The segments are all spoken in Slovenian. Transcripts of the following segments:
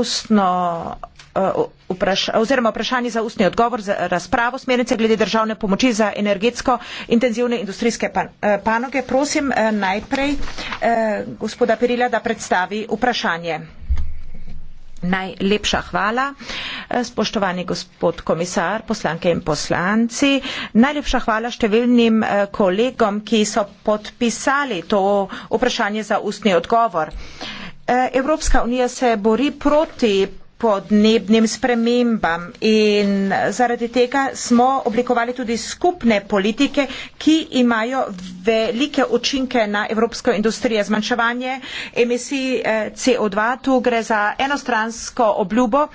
ustno eh, oziroma vprašanje za ustni odgovor za razpravo smernice glede državne pomoči za energetsko intenzivne industrijske eh, panoge. Prosim eh, najprej gospoda Perila, da predstavi vprašanje. Najlepša hvala, spoštovani gospod komisar, poslanke in poslanci. Najlepša hvala številnim kolegom, ki so podpisali to vprašanje za ustni odgovor. Eh, Evropska unija se bori proti podnebnim spremembam in zaradi tega smo oblikovali tudi skupne politike, ki imajo velike učinke na evropsko industrijo zmanjševanje emisij eh, CO2. Tu gre za enostransko obljubo.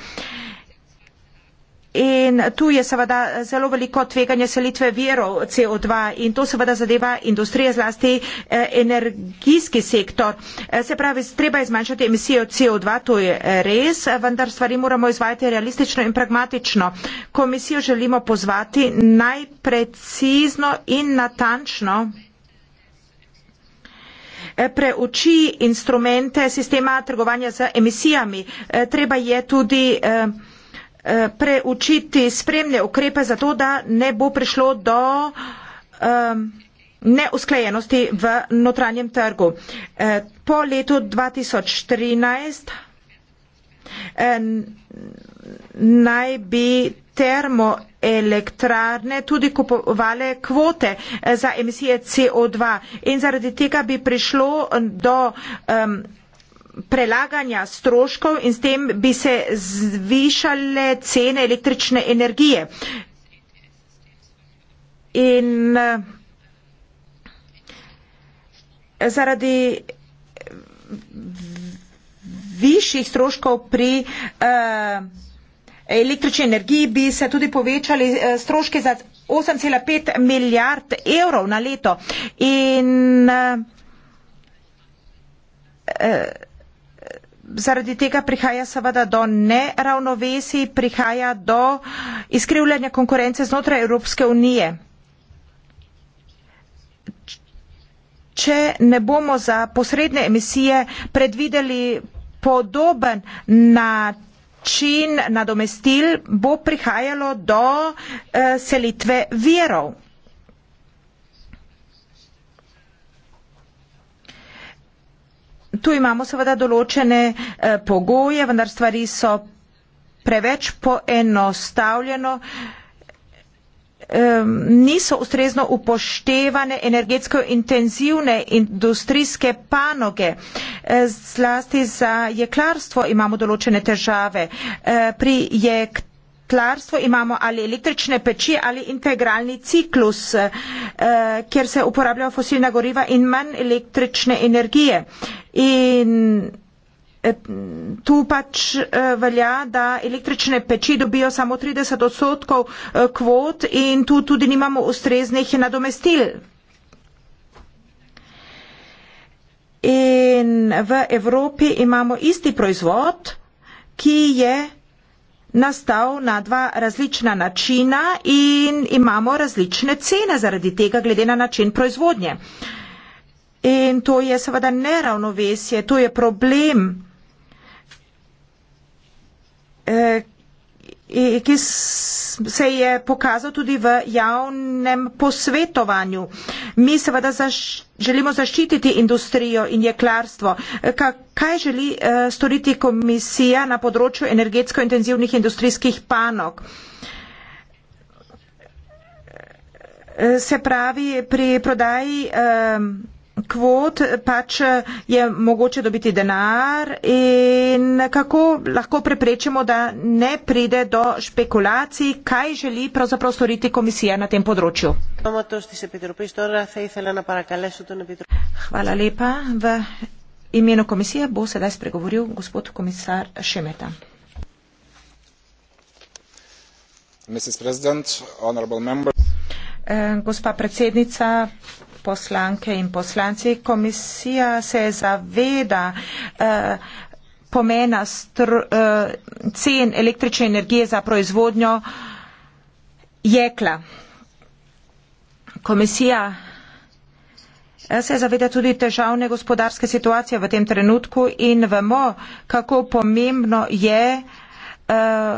In tu je seveda zelo veliko tveganje selitve virov CO2 in to seveda zadeva industrije zlasti eh, energijski sektor. Eh, se pravi, treba je zmanjšati emisijo CO2, to je eh, res, vendar stvari moramo izvajati realistično in pragmatično. Komisijo želimo pozvati najprecizno in natančno preuči instrumente sistema trgovanja z emisijami. Treba je tudi eh, Eh, preučiti spremne ukrepe za to, da ne bo prišlo do um, neusklejenosti v notranjem trgu. E, po letu 2013 en, eh, naj bi termoelektrarne tudi kupovale kvote za emisije CO2 in zaradi tega bi prišlo do um, prelaganja stroškov in s tem bi se zvišale cene električne energije. In eh, zaradi višjih stroškov pri uh, električni energiji bi se tudi povečali uh, eh, stroške za 8,5 milijard evrov na leto. In uh, zaradi tega prihaja seveda do neravnovesij, prihaja do izkrivljanja konkurence znotraj Evropske unije. Če ne bomo za posredne emisije predvideli podoben način nadomestil, bo prihajalo do eh, selitve virov. tu imamo seveda določene eh, pogoje, vendar stvari so preveč poenostavljeno. Eh, niso ustrezno upoštevane energetsko intenzivne industrijske panoge. Eh, zlasti za jeklarstvo imamo določene težave. Pri jeklarstvu toplarstvo imamo ali električne peči ali integralni ciklus, eh, kjer se uporabljajo fosilna goriva in manj električne energije. In eh, Tu pač eh, velja, da električne peči dobijo samo 30 odstotkov eh, kvot in tu tudi nimamo ustreznih nadomestil. In v Evropi imamo isti proizvod, ki je nastal na dva različna načina in imamo različne cene zaradi tega, glede na način proizvodnje. In to je seveda neravnovesje, to je problem, eh, ki se je pokazal tudi v javnem posvetovanju. Mi seveda zaš, želimo zaščititi industrijo in jeklarstvo. Ka, kaj želi uh, storiti komisija na področju energetsko intenzivnih industrijskih panog? Eh, se pravi, pri prodaji. Uh, kvot pač je mogoče dobiti denar in kako lahko preprečimo, da ne pride do špekulacij, kaj želi pravzaprav storiti komisija na tem področju. Hvala lepa. V imenu komisije bo sedaj spregovoril gospod komisar Šemeta. Eh, gospa predsednica, poslanke in poslanci. Komisija se zaveda eh, pomena str, eh, cen električne energije za proizvodnjo jekla. Komisija eh, se zaveda tudi težavne gospodarske situacije v tem trenutku in vemo, kako pomembno je eh,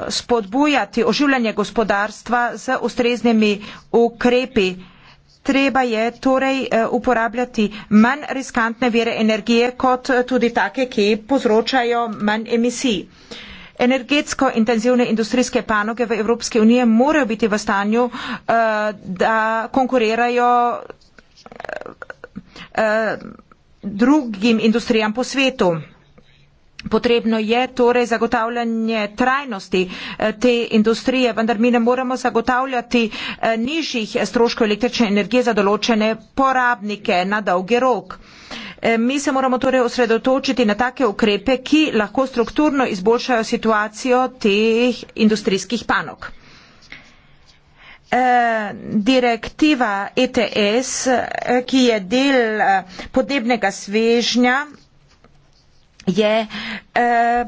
spodbujati oživljanje gospodarstva z ustreznimi ukrepi treba je torej eh, uporabljati manj riskantne vire energije, kot eh, tudi take, ki povzročajo manj emisij. Energetsko intenzivne industrijske panoge v Evropski uniji morajo biti v stanju, eh, da konkurirajo drugim industrijam po svetu. Potrebno je torej zagotavljanje trajnosti eh, te industrije, vendar mi ne moremo zagotavljati eh, nižjih stroškov električne energije za določene porabnike na dolgi rok. Eh, mi se moramo torej osredotočiti na take ukrepe, ki lahko strukturno izboljšajo situacijo teh industrijskih panok. Direktiva ETS, ki je del podnebnega svežnja, je eh,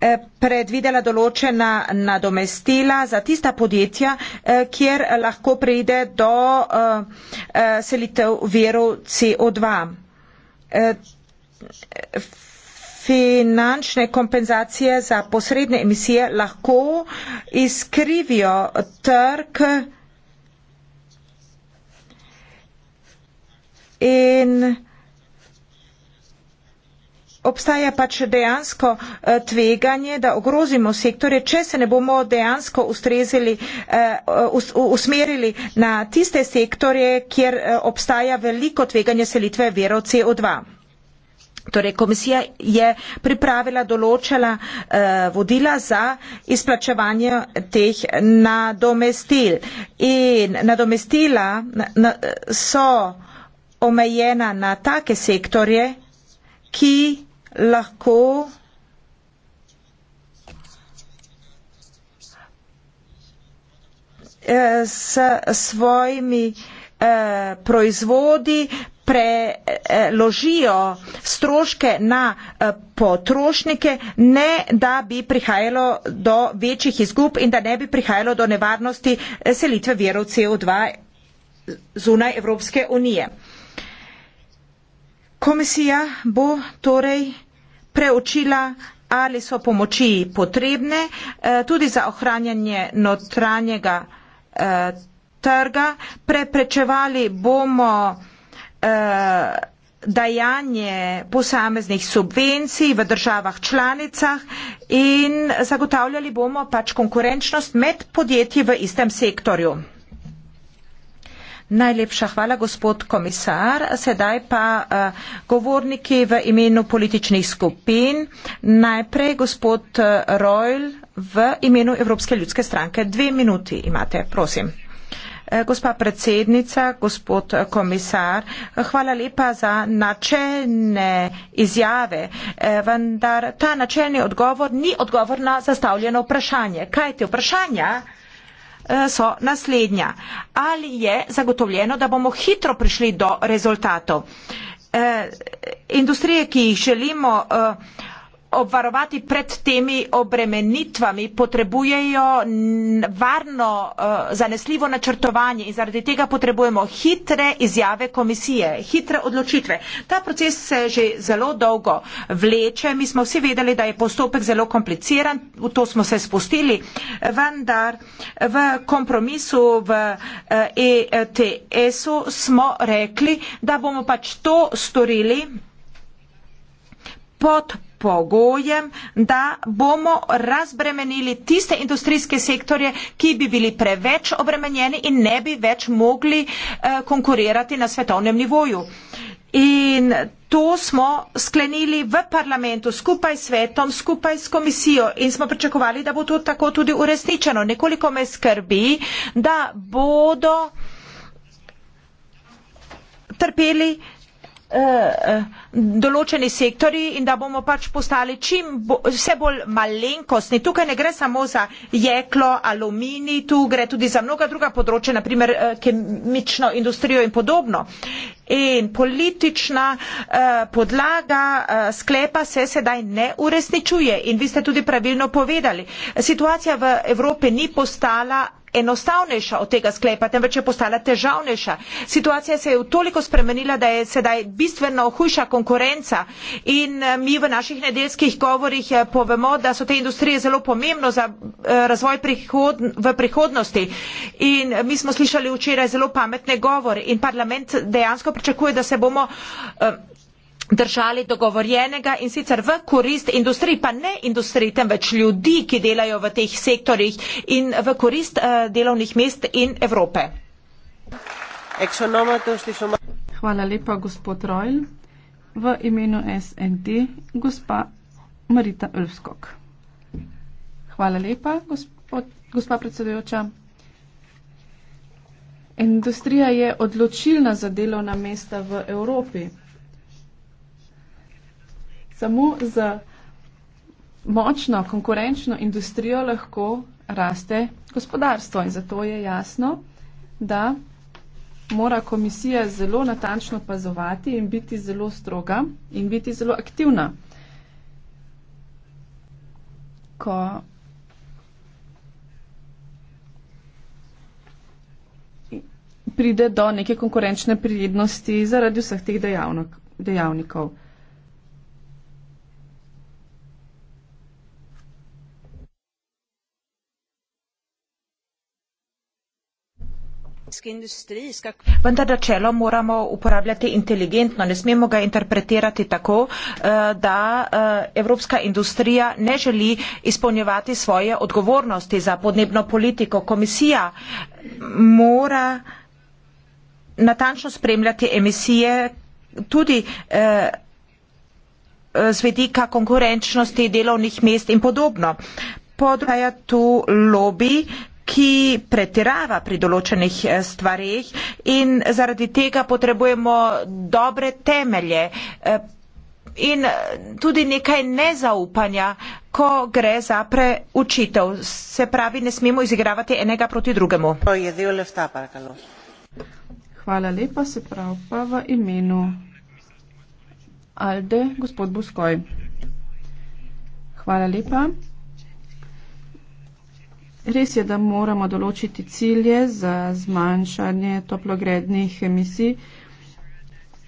eh, predvidela določena nadomestila za tista podjetja, eh, kjer lahko pride do selitev verov CO2. Finančne kompenzacije za posredne emisije lahko izkrivijo trg in obstaja pač dejansko eh, tveganje, da ogrozimo sektore, če se ne bomo dejansko ustrezili, eh, usmerili na tiste sektore, kjer eh, obstaja veliko tveganje selitve verov CO2. Torej, komisija je pripravila, določila eh, vodila za izplačevanje teh nadomestil. In nadomestila na, na, so omejena na take sektorje, ki lahko eh, s svojimi eh, proizvodi preložijo stroške na eh, potrošnike, ne da bi prihajalo do večjih izgub in da ne bi prihajalo do nevarnosti eh, selitve virov CO2 zunaj Evropske unije. Komisija bo torej preučila, ali so pomoči potrebne eh, tudi za ohranjanje notranjega eh, trga. Preprečevali bomo eh, dajanje posameznih subvencij v državah članicah in zagotavljali bomo pač konkurenčnost med podjetji v istem sektorju. Najlepša hvala, gospod komisar. Sedaj pa uh, govorniki v imenu političnih skupin. Najprej gospod uh, eh, Rojl v imenu Evropske ljudske stranke. Dve minuti imate, prosim. Eh, gospa predsednica, gospod komisar, hvala lepa za načelne izjave, vendar ta načelni odgovor ni odgovor na zastavljeno vprašanje. Kaj te vprašanja? Eh, so naslednja. Ali je zagotovljeno, da bomo hitro prišli do rezultatov? Eh, industrije, ki jih želimo eh, obvarovati pred temi obremenitvami, potrebujejo varno, eh, zanesljivo načrtovanje in zaradi tega potrebujemo hitre izjave komisije, hitre odločitve. Ta proces se že zelo dolgo vleče, mi smo vsi vedeli, da je postopek zelo kompliciran, v to smo se spustili, vendar v kompromisu v ETS-u eh, e smo rekli, da bomo pač to storili pod pogojem, da bomo razbremenili tiste industrijske sektorje, ki bi bili preveč obremenjeni in ne bi več mogli eh, konkurirati na svetovnem nivoju. In to smo sklenili v parlamentu skupaj s svetom, skupaj s komisijo in smo pričakovali, da bo to tako tudi uresničeno. Nekoliko me skrbi, da bodo trpeli. Eh, eh določeni sektori in da bomo pač postali čim bo, vse bolj malenkostni. Tukaj ne gre samo za jeklo, alumini, tu gre tudi za mnoga druga področja, naprimer eh, kemično industrijo in podobno. In politična eh, podlaga eh, sklepa se sedaj ne uresničuje in vi ste tudi pravilno povedali. Situacija v Evropi ni postala enostavnejša od tega sklepa, temveč je postala težavnejša. Situacija se je v toliko spremenila, da je sedaj bistveno hujša konkurenca konkurenca. In eh, mi v naših nedeljskih govorih eh, povemo, da so te industrije zelo pomembno za eh, razvoj prihodn v prihodnosti. In mi smo slišali včeraj zelo pametne govore in parlament dejansko pričakuje, da se bomo držali dogovorjenega in sicer v korist industriji, pa ne industriji, temveč ljudi, ki delajo v teh sektorjih in v korist uh, delovnih mest in Evrope. Hvala lepa, gospod Rojl v imenu SND gospa Marita Ulfskog. Hvala lepa, gospod, gospa predsedujoča. Industrija je odločilna za delovna mesta v Evropi. Samo z močno konkurenčno industrijo lahko raste gospodarstvo in zato je jasno, da mora komisija zelo natančno pazovati in biti zelo stroga in biti zelo aktivna. Ko pride do neke konkurenčne prijednosti zaradi vseh teh dejavnikov. Vendar načelo moramo uporabljati inteligentno, ne smemo ga interpretirati tako, eh, da eh, evropska industrija ne želi izpolnjevati svoje odgovornosti za podnebno politiko. Komisija mora natančno spremljati emisije tudi eh, z vedika konkurenčnosti delovnih mest in podobno. Podrugaja tu lobi, ki pretirava pri določenih eh, stvarih in zaradi tega potrebujemo dobre temelje eh, in eh, tudi nekaj nezaupanja, ko gre za preučitev. Se pravi, ne smemo izigravati enega proti drugemu. Hvala lepa, se pravi pa v imenu Alde, gospod Buskoj. Hvala lepa. Res je, da moramo določiti cilje za zmanjšanje toplogrednih emisij,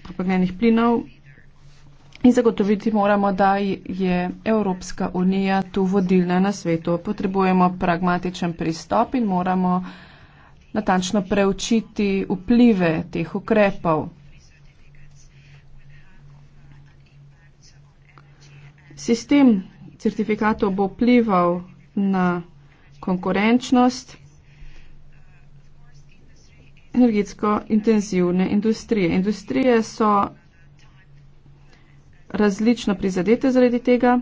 toplogrednih plinov in zagotoviti moramo, da je Evropska unija tu vodilna na svetu. Potrebujemo pragmatičen pristop in moramo natančno preučiti vplive teh ukrepov. Sistem certifikatov bo vplival na konkurenčnost energetsko intenzivne industrije. Industrije so različno prizadete zaradi tega,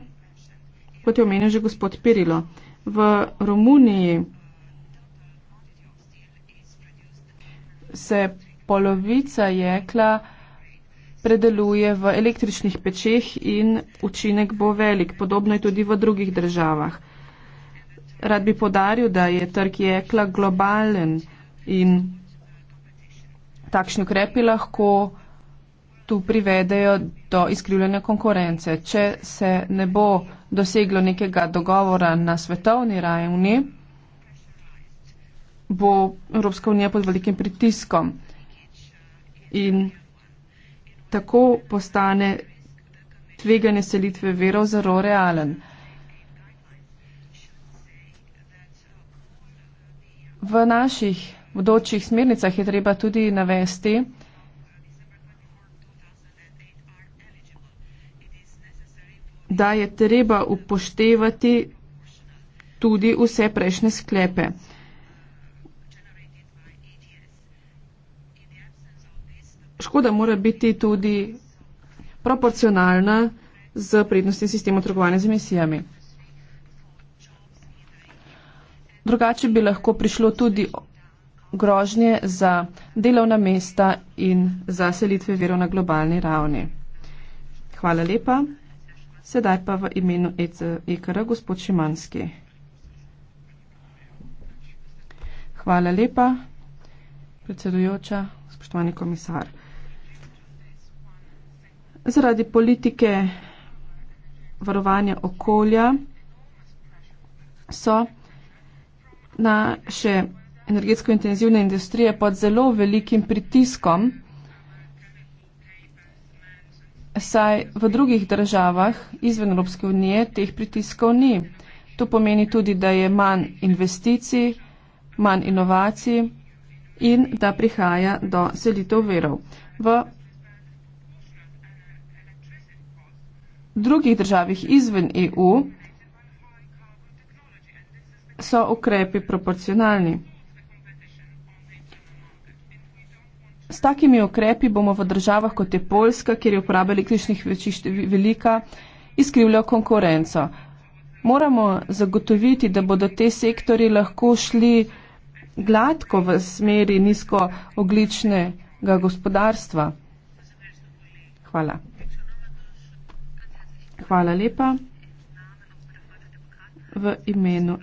kot je omenil že gospod Pirilo. V Romuniji se polovica jekla predeluje v električnih pečeh in učinek bo velik. Podobno je tudi v drugih državah. Rad bi podaril, da je trg jekla globalen in takšni ukrepi lahko tu privedejo do izkrivljene konkurence. Če se ne bo doseglo nekega dogovora na svetovni ravni, bo Evropska unija pod velikim pritiskom in tako postane tveganje selitve verov zelo realen. V naših bodočih smernicah je treba tudi navesti, da je treba upoštevati tudi vse prejšnje sklepe. Škoda mora biti tudi proporcionalna z prednostjo sistema trgovanja z emisijami. Drugače bi lahko prišlo tudi grožnje za delovna mesta in za selitve verov na globalni ravni. Hvala lepa. Sedaj pa v imenu EKR e gospod Šimanski. Hvala lepa, predsedujoča, spoštovani komisar. Zaradi politike varovanja okolja so naše energetsko intenzivne industrije pod zelo velikim pritiskom, saj v drugih državah izven Evropske unije teh pritiskov ni. To pomeni tudi, da je manj investicij, manj inovacij in da prihaja do selitev verov. V drugih državah izven EU so ukrepi proporcionalni. S takimi ukrepi bomo v državah, kot je Poljska, kjer je uporaba električnih večišč velika, izkrivljal konkurenco. Moramo zagotoviti, da bodo te sektori lahko šli gladko v smeri nizkoogličnega gospodarstva. Hvala. Hvala lepa. V imenu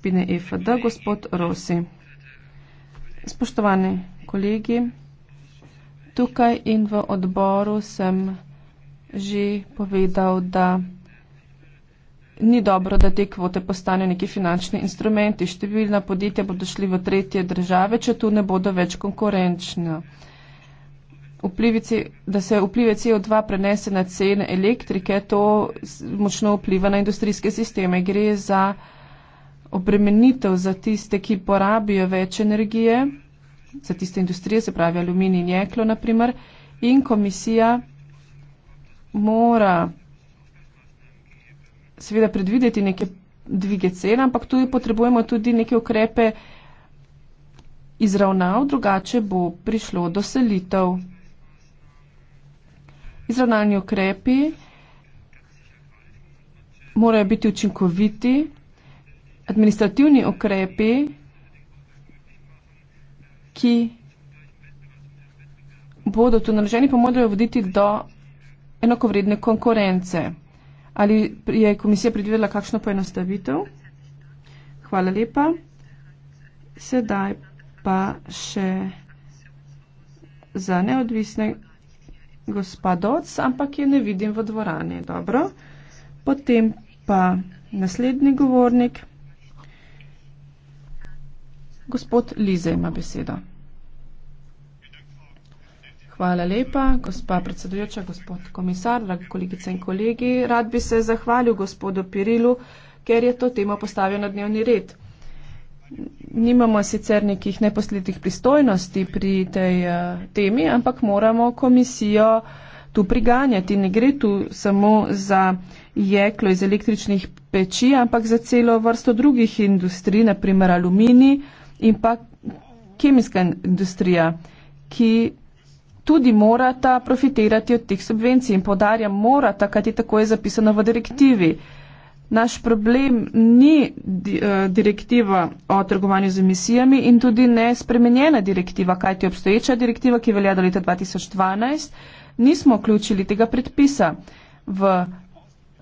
skupine EFD, gospod Rosi. Spoštovani kolegi, tukaj in v odboru sem že povedal, da ni dobro, da te kvote postanejo neki finančni instrumenti. Številna podjetja bodo šli v tretje države, če tu ne bodo več konkurenčne. Vplivici, da se vplive CO2 prenese na cene elektrike, to močno vpliva na industrijske sisteme. Gre za obremenitev za tiste, ki porabijo več energije, za tiste industrije, se pravi aluminij in jeklo, naprimer, in komisija mora seveda predvideti neke dvige cen, ampak tu potrebujemo tudi neke ukrepe izravnav, drugače bo prišlo do selitev. Izravnalni ukrepi morajo biti učinkoviti, administrativni okrepi, ki bodo tu naloženi, pa morajo voditi do enakovredne konkurence. Ali je komisija predvidela kakšno poenostavitev? Hvala lepa. Sedaj pa še za neodvisne gospa Doc, ampak je ne vidim v dvorani. Dobro. Potem pa naslednji govornik. Gospod Lize ima besedo. Hvala lepa, gospa predsedujoča, gospod komisar, drag kolegice in kolegi. Rad bi se zahvalil gospodu Pirilu, ker je to temo postavil na dnevni red. Nimamo sicer nekih neposlednih pristojnosti pri tej eh, temi, ampak moramo komisijo tu priganjati. Ne gre tu samo za jeklo iz električnih peči, ampak za celo vrsto drugih industrij, naprimer aluminij in pa kemijska industrija, ki tudi morata profitirati od teh subvencij in podarjam morata, kaj ti tako je zapisano v direktivi. Naš problem ni eh, direktiva o trgovanju z emisijami in tudi ne spremenjena direktiva, kaj ti obstoječa direktiva, ki velja do leta 2012, nismo vključili tega predpisa. V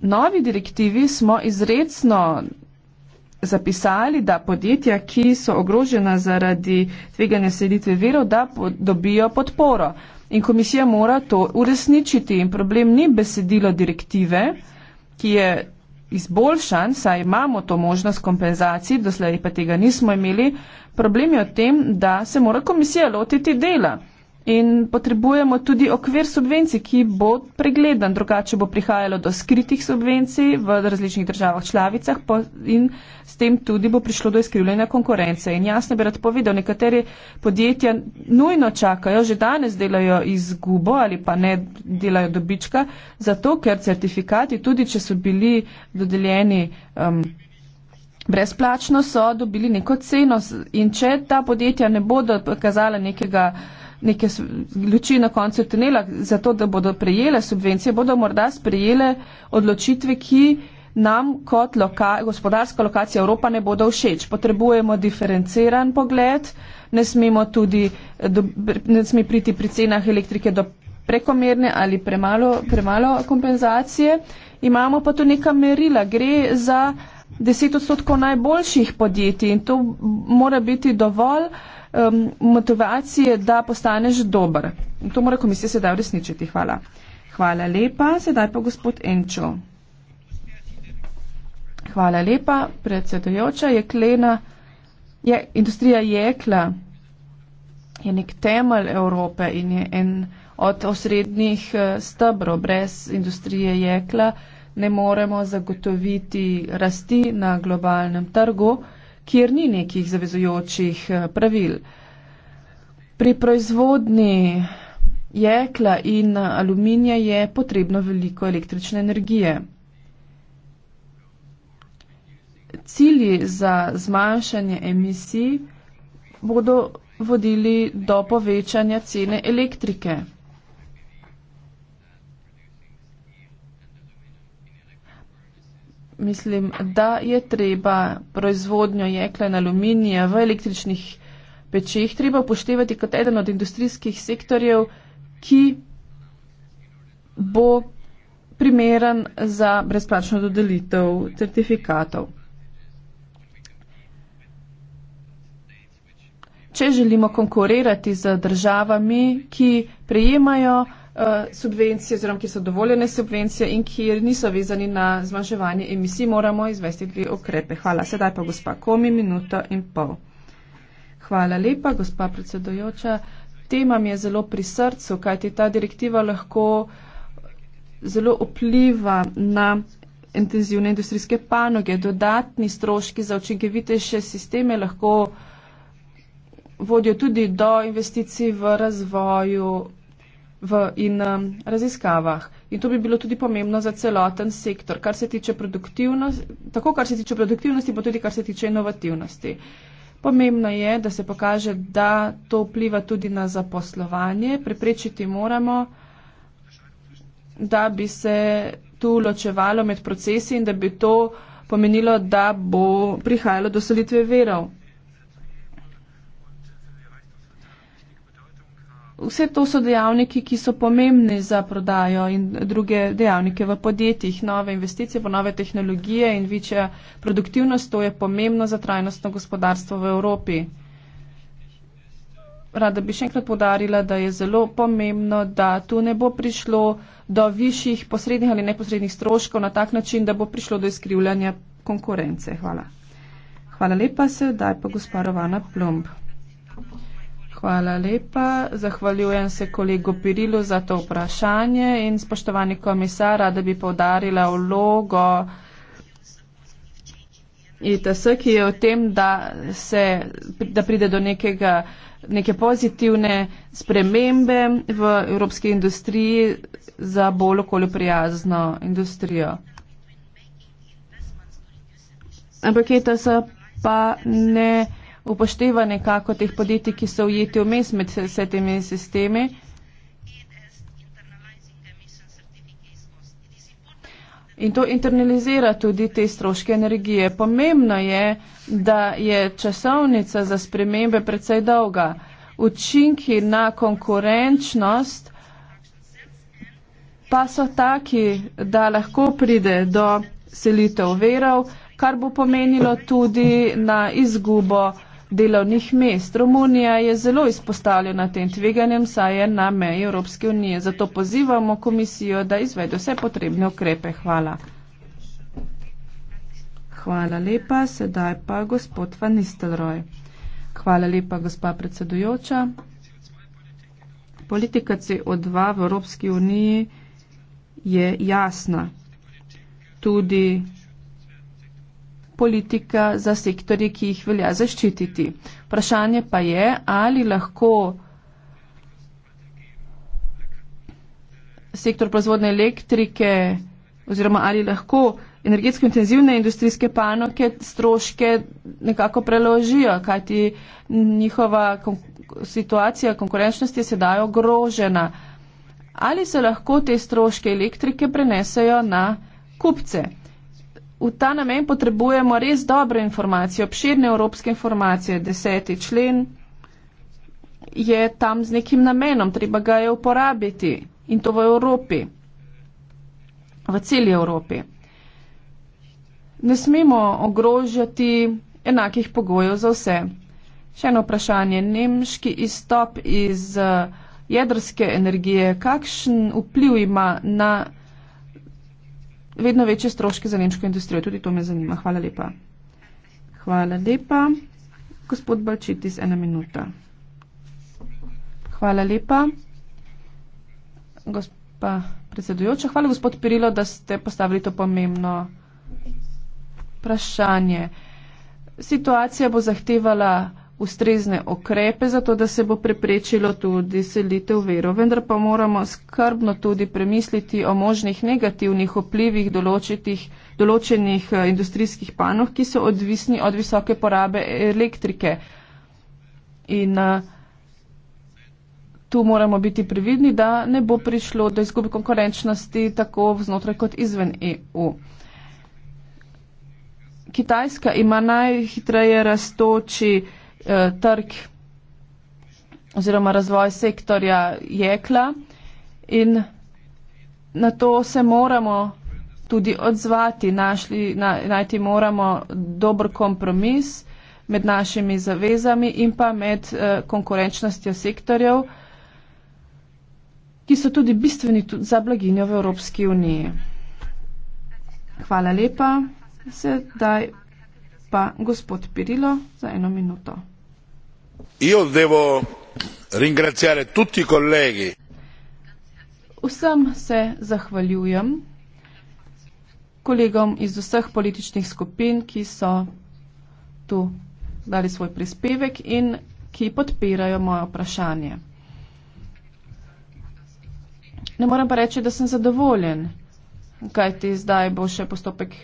novi direktivi smo izredno zapisali, da podjetja, ki so ogrožena zaradi tveganja selitve virov, da dobijo podporo. In komisija mora to uresničiti. In problem ni besedilo direktive, ki je izboljšan, saj imamo to možnost kompenzacij, doslej pa tega nismo imeli. Problem je v tem, da se mora komisija lotiti dela in potrebujemo tudi okvir subvencij, ki bo pregledan. Drugače bo prihajalo do skritih subvencij v različnih državah članicah in s tem tudi bo prišlo do izkrivljanja konkurence. In jasno bi rad povedal, nekateri podjetja nujno čakajo, že danes delajo izgubo ali pa ne delajo dobička, zato ker certifikati, tudi če so bili dodeljeni. Um, Brezplačno so dobili neko ceno in če ta podjetja ne bodo pokazala nekega uh, neke luči na koncu tunela, zato da bodo prejele subvencije, bodo morda sprejele odločitve, ki nam kot loka, gospodarska lokacija Evropa ne bodo všeč. Potrebujemo diferenciran pogled, ne smemo tudi, do, ne sme priti pri cenah elektrike do prekomerne ali premalo, premalo kompenzacije. Imamo pa tu neka merila. Gre za 10 odstotkov najboljših podjetij in to mora biti dovolj um, motivacije, da postaneš dober. In to mora komisija sedaj uresničiti. Hvala. Hvala lepa. Sedaj pa gospod Enčo. Hvala lepa. Predsedojoča jeklena, je, industrija jekla je nek temelj Evrope in je en od osrednjih eh, stebrov. Brez industrije jekla ne moremo zagotoviti rasti na globalnem trgu kjer ni nekih zavezujočih eh, pravil. Pri proizvodni jekla in aluminija je potrebno veliko električne energije. Cilji za zmanjšanje emisij bodo vodili do povečanja cene elektrike. mislim, da je treba proizvodnjo jekla in aluminija v električnih pečih treba upoštevati kot eden od industrijskih sektorjev, ki bo primeren za brezplačno dodelitev certifikatov. Če želimo konkurirati z državami, ki prejemajo Eh, subvencije, oziroma kjer so dovoljene subvencije in kjer niso vezani na zmanjševanje emisij, moramo izvesti dve okrepe. Hvala. Sedaj pa gospa Komi, minuto in pol. Hvala lepa, gospa predsedojoča. Tema mi je zelo pri srcu, kajti ta direktiva lahko zelo vpliva na intenzivne industrijske panoge. Dodatni stroški za učinkovitejše sisteme lahko vodijo tudi do investicij v razvoju v, in um, raziskavah. In to bi bilo tudi pomembno za celoten sektor, kar se tiče produktivnosti, tako kar se tiče produktivnosti, pa tudi kar se tiče inovativnosti. Pomembno je, da se pokaže, da to vpliva tudi na zaposlovanje. Preprečiti moramo, da bi se tu ločevalo med procesi in da bi to pomenilo, da bo prihajalo do solitve verov. Vse to so dejavniki, ki so pomembni za prodajo in druge dejavnike v podjetjih. Nove investicije, nove tehnologije in večja produktivnost, to je pomembno za trajnostno gospodarstvo v Evropi. Rada bi še enkrat podarila, da je zelo pomembno, da tu ne bo prišlo do višjih posrednih ali neposrednih stroškov na tak način, da bo prišlo do izkrivljanja konkurence. Hvala. Hvala lepa, sedaj pa gospa Rovana Plumb. Hvala lepa. Zahvaljujem se kolegu Pirilu za to vprašanje in spoštovani komisar, rada bi povdarila vlogo ITS, ki je v tem, da, se, da pride do nekega, neke pozitivne spremembe v evropski industriji za bolj okoljoprijazno industrijo. Ampak ITS pa ne upošteva nekako teh podjetij, ki so ujeti vmes med vse temi sistemi. In to internalizira tudi te stroške energije. Pomembno je, da je časovnica za spremembe predvsej dolga. Učinki na konkurenčnost pa so taki, da lahko pride do selitev verov, kar bo pomenilo tudi na izgubo delovnih mest. Romunija je zelo izpostavljena tem tveganjem, saj je na meji Evropske unije. Zato pozivamo komisijo, da izvede vse potrebne ukrepe. Hvala. Hvala lepa. Sedaj pa gospod Van Nistelrooy. Hvala lepa, gospa predsedujoča. Politika CO2 v Evropski uniji je jasna. Tudi politika za sektorje, ki jih velja zaščititi. Vprašanje pa je, ali lahko sektor proizvodne elektrike oziroma ali lahko energetsko intenzivne industrijske panoke stroške nekako preložijo, kajti njihova kon situacija konkurenčnosti je sedaj ogrožena. Ali se lahko te stroške elektrike prenesejo na kupce? v ta namen potrebujemo res dobre informacije, obširne evropske informacije. Deseti člen je tam z nekim namenom, treba ga je uporabiti in to v Evropi, v celi Evropi. Ne smemo ogrožati enakih pogojev za vse. Še eno vprašanje. Nemški izstop iz eh, jedrske energije, kakšen vpliv ima na vedno večje stroške za nemško industrijo. Tudi to me zanima. Hvala lepa. Hvala lepa. Gospod Balčitis, ena minuta. Hvala lepa. Gospa predsedujoča, hvala gospod Pirilo, da ste postavili to pomembno vprašanje. Situacija bo zahtevala ustrezne okrepe za to, da se bo preprečilo tudi selitev verov. Vendar pa moramo skrbno tudi premisliti o možnih negativnih vplivih določenih eh, industrijskih panov, ki so odvisni od visoke porabe elektrike. In eh, tu moramo biti previdni, da ne bo prišlo do izgube konkurenčnosti tako vznotraj kot izven EU. Kitajska ima najhitreje rastoči eh, trg oziroma razvoj sektorja jekla in na to se moramo tudi odzvati, našli, na, najti moramo dober kompromis med našimi zavezami in pa med eh, konkurenčnostjo sektorjev, ki so tudi bistveni tudi za blaginjo v Evropski uniji. Hvala lepa. Sedaj pa gospod Pirilo za eno minuto. Io devo ringraziare tutti i colleghi. Vsem se zahvaljujem, kolegom iz vseh političnih skupin, ki so tu dali svoj prispevek in ki podpirajo moje vprašanje. Ne morem pa reči, da sem zadovoljen, kaj ti zdaj bo še postopek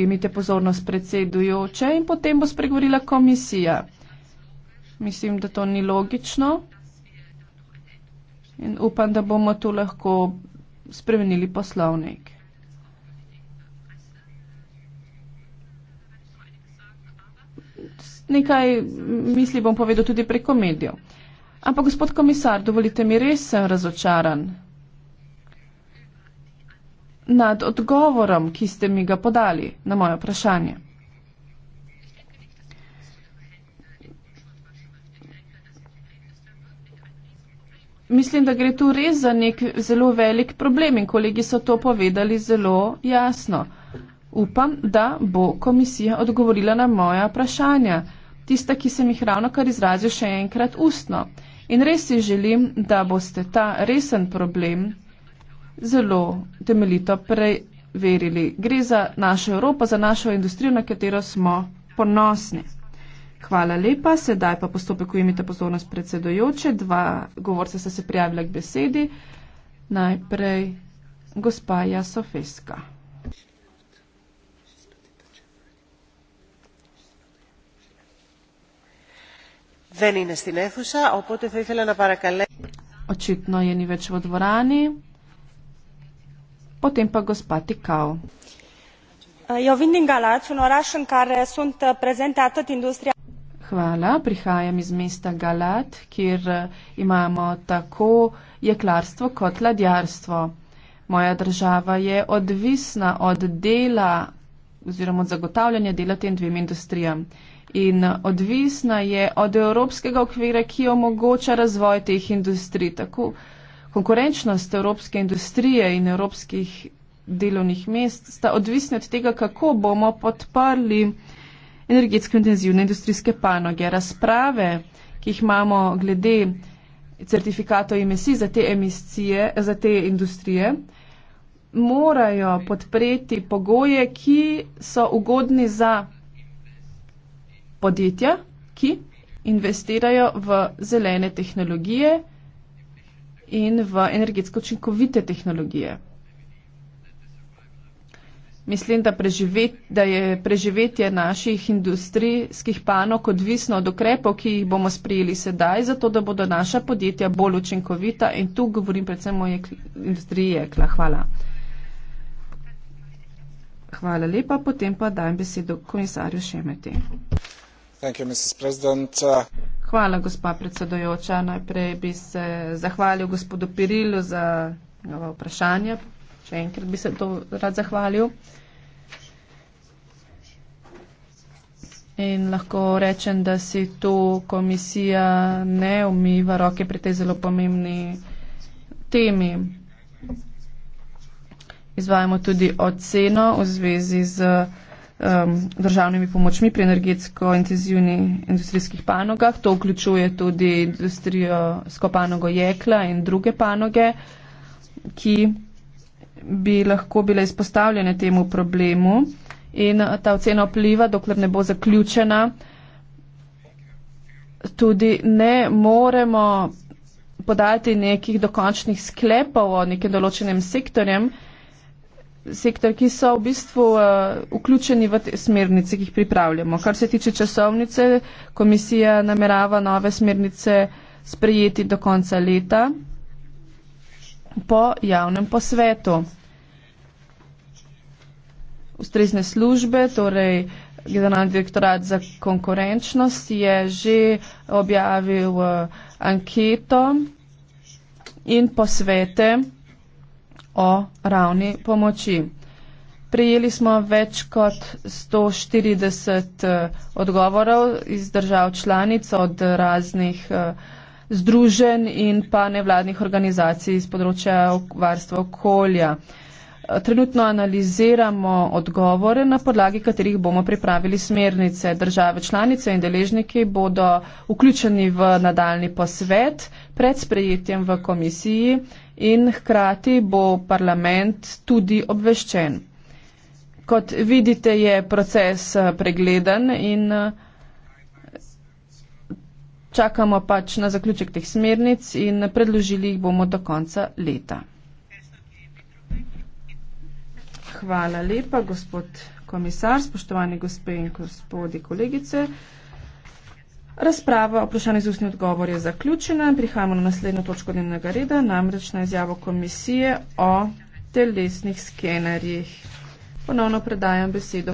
imite pozornost predsedujoče in potem bo spregovorila komisija. Mislim, da to ni logično in upam, da bomo tu lahko spremenili poslovnik. Nekaj misli bom povedal tudi preko medijev. Ampak, gospod komisar, dovolite mi, res sem razočaran nad odgovorom, ki ste mi ga podali na moje vprašanje. Mislim, da gre tu res za nek zelo velik problem in kolegi so to povedali zelo jasno. Upam, da bo komisija odgovorila na moja vprašanja, tista, ki sem jih ravno kar izrazil še enkrat ustno. In res si želim, da boste ta resen problem zelo temeljito preverili. Gre za našo Evropo, za našo industrijo, na katero smo ponosni. Hvala lepa. Sedaj pa postopek, ko imite pozornost predsedojoče. Dva govorca sta se prijavila k besedi. Najprej gospa Jasofeska. Očitno je ni več v dvorani potem pa gospa Tikao. Uh, eu vin din Galați, un oraș în care sunt uh, prezente atât industria... Hvala, prihajam iz mesta Galat, kjer uh, imamo tako jeklarstvo kot ladjarstvo. Moja država je odvisna od dela oziroma od zagotavljanja dela tem dvem industrijam. In odvisna je od evropskega okvira, ki omogoča razvoj teh industrij. Tako, konkurenčnost evropske industrije in evropskih delovnih mest sta odvisni od tega, kako bomo podprli energetsko intenzivne industrijske panoge. Razprave, ki jih imamo glede certifikatov emisij za te, emisije, za te industrije, morajo podpreti pogoje, ki so ugodni za podjetja, ki investirajo v zelene tehnologije in v energetsko učinkovite tehnologije. Mislim, da, preživet, da je preživetje naših industrijskih panok odvisno od okrepov, ki jih bomo sprijeli sedaj, zato da bodo naša podjetja bolj učinkovita in tu govorim predvsem o industriji jekla. Hvala. Hvala lepa, potem pa dajem besedo komisarju Šemeti. Hvala, gospa predsedojoča. Najprej bi se zahvalil gospodu Pirilu za nova vprašanja. Še enkrat bi se to rad zahvalil. In lahko rečem, da si tu komisija ne umiva roke pri tej zelo pomembni temi. Izvajamo tudi oceno v zvezi z um, državnimi pomočmi pri energetsko intenzivni industrijskih panogah. To vključuje tudi industrijo skopanogo jekla in druge panoge, ki bi lahko bile izpostavljene temu problemu. In uh, ta ocena vpliva, dokler ne bo zaključena, tudi ne moremo podati nekih dokončnih sklepov o nekem določenem sektorjem, sektor, ki so v bistvu uh, vključeni v te smernice, ki jih pripravljamo. Kar se tiče časovnice, komisija namerava nove smernice sprejeti do konca leta po javnem posvetu. Ustrezne službe, torej generalni direktorat za konkurenčnost, je že objavil uh, anketo in posvete o ravni pomoči. Prijeli smo več kot 140 eh, odgovorov iz držav članic od eh, raznih eh, združen in pa nevladnih organizacij iz področja varstva okolja. Trenutno analiziramo odgovore, na podlagi katerih bomo pripravili smernice. Države članice in deležniki bodo vključeni v nadaljni posvet pred sprejetjem v komisiji in hkrati bo parlament tudi obveščen. Kot vidite, je proces eh, pregleden in eh, čakamo pač na zaključek teh smernic in predložili jih bomo do konca leta. Hvala lepa, gospod komisar, spoštovani gospe in gospodi kolegice. Razprava o vprašanju z ustni odgovor je zaključena. Prihajamo na naslednjo točko dnevnega reda, namreč na izjavo komisije o telesnih skenerjih. Ponovno predajam besedo.